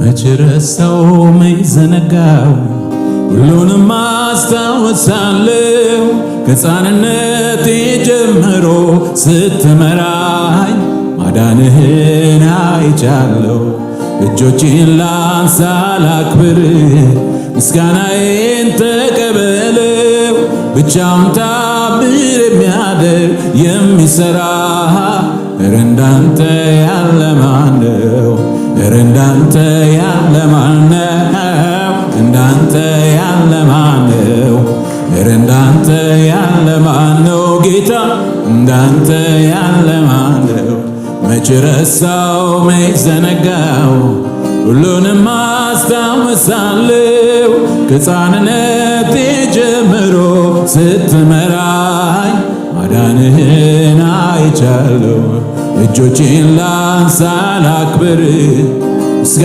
መች ረሳው መች ዘነጋው ሁሉንም አስታውሳለሁ ከሕፃንነቴ ጀምሮ ስትመራኝ ማዳንህን አይቻለሁ እጆችን ላንሳ ላክብር ምስጋናዬን ተቀበለው ብቻውን ታምር የሚያደርግ የሚሠራ እንዳንተ ያለ ማን ያለ ማነው? እንዳንተ ያለ ማነው? እንዳንተ ያለ ማነው? ጌታ እንዳንተ ያለ ማነው? መች ረሳው መች ዘነጋው? ሁሉንም አስታውሳለሁ ከሕፃንነቴ ጀምሮ ስትመራኝ ማዳንህን አይቻለሁ። እጆቼን ላንሳ ላክብር